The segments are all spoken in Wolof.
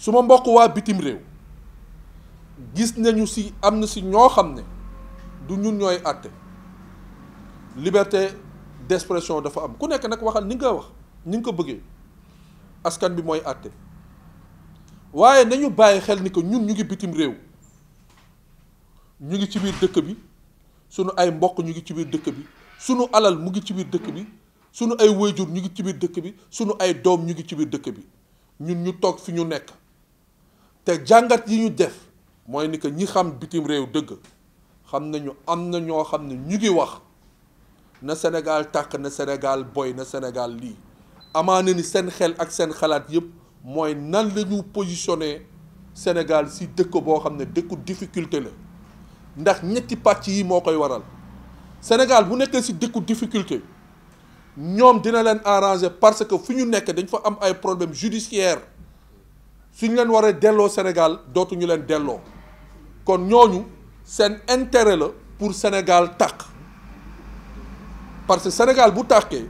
su ma mbokk waa bitim réew gis nañu si am na si ñoo xam ne du ñun ñooy àtte liberté d'expression dafa am ku nekk nag waxal ni nga wax ni nga ko bëggee askan bi mooy àtte waaye nañu bàyyi xel ni ko ñun ñu ngi bitim réew ñu ngi ci biir dëkk bi sunu ay mbokk ñu ngi ci biir dëkk bi sunu alal mu ngi ci biir dëkk sunu ay wayjur ñu ngi ci biir dëkk bi sunu ay doom ñu ngi ci biir dëkk bi ñun ñu toog fi ñu nekk te jàngat yi ñu def mooy ni que ñi xam bitim réew dëgg xam ñu am na ñoo xam ne ñu ngi wax na Sénégal tàkk na Sénégal boy na Sénégal lii na ni seen xel ak seen xalaat yëpp mooy nan la ñu Sénégal si dëkk boo xam ne dëkku difficulté la ndax ñetti pàcc yi moo koy waral Sénégal bu nekkee si dëkku difficulté ñoom dina leen arranger parce que fu ñu nekk dañ fa am ay problème judiciaire suñ leen waree delloo Sénégal dootu ñu leen delloo kon ñooñu seen intérêt la pour Sénégal tàq parce que Sénégal bu tàqee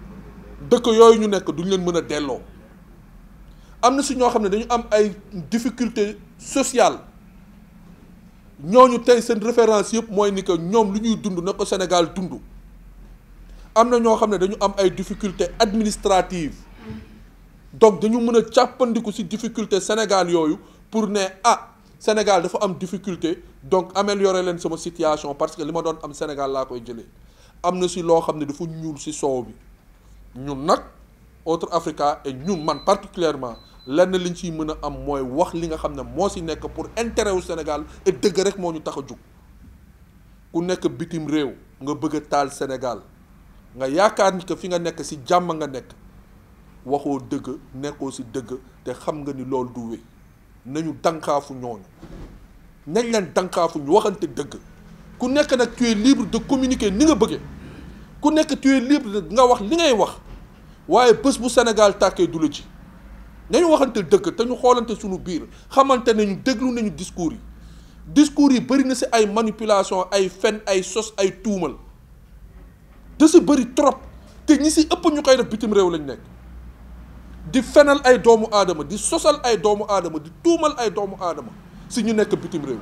dëkk yooyu ñu nekk duñ leen mën a delloo am na si ñoo xam ne dañu am ay difficulté sociale ñooñu tey seen référence yëpp mooy ni que ñoom lu ñuy dund na ko Sénégal dund am na ñoo xam ne dañu am ay difficulté administrative donc dañu mën a càppandiku ci difficulté Sénégal yooyu pour ne ah Sénégal dafa am difficulté donc améliorer leen sama situation parce que li ma doon am Sénégal laa koy jëlee am na ci loo xam ne dafa ñuul ci soow bi ñun nag autre africa et ñun man particulièrement lenn liñ ciy mën a am mooy wax li nga xam ne moo si nekk pour intérêt wu Sénégal et dëgg rek moo ñu tax a jug ku nekk bitim réew nga bëgg taal Sénégal nga yaakaar ni que fi nga nekk ci jàmm nga nekk. waxoo dëgg nekkoo si dëgg te xam nga ni loolu du wéy nañu dànkaafu ñooñu nañ leen dànkaafu ñu waxante dëgg ku nekk nag tu es libre de communiquer ni nga bëggee ku nekk tu es libre nga wax li ngay wax waaye bés bu Sénégal tàkkee du la ci nañu waxante dëgg te ñu xoolante suñu biir xamante nañu déglu nañu discours yi discours yi bëri na si ay manipulation ay fen ay sos ay tuumal da ci bëri trop te ñi ci ëpp ñu koy def bitim réew lañu nekk di fenal ay doomu aadama di sosal ay doomu aadama di tuumal ay doomu aadama si ñu nekk bitim réew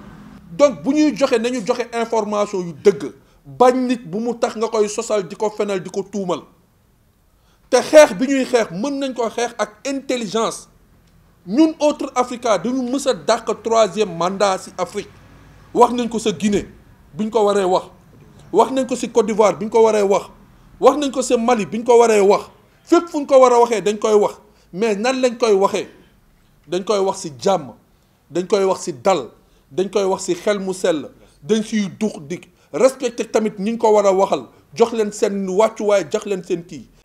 donc bu ñuy joxe nañu joxe information yu dëgg bañ nit bu mu tax nga koy sosal di ko fenal di ko tuumal te xeex bi ñuy xeex mën nañ ko xeex ak intelligence ñun autre Africa dañu mës a dàq troisième mandat si Afrique wax nañ ko sa Guinée buñ ko waree wax wax nañ ko si Côte d'Ivoire bi ko waree wax wax nañ ko sa Mali bi ko waree wax fépp fu ñu ko war a waxee dañ koy wax mais nan lañ koy waxee dañ koy wax ci jàmm dañ koy wax ci dal dañ koy wax ci xel mu sell dañ ciy dux di respecté tamit ñi ngi ko war a waxal jox leen seen wàccuwaay jox leen seen kii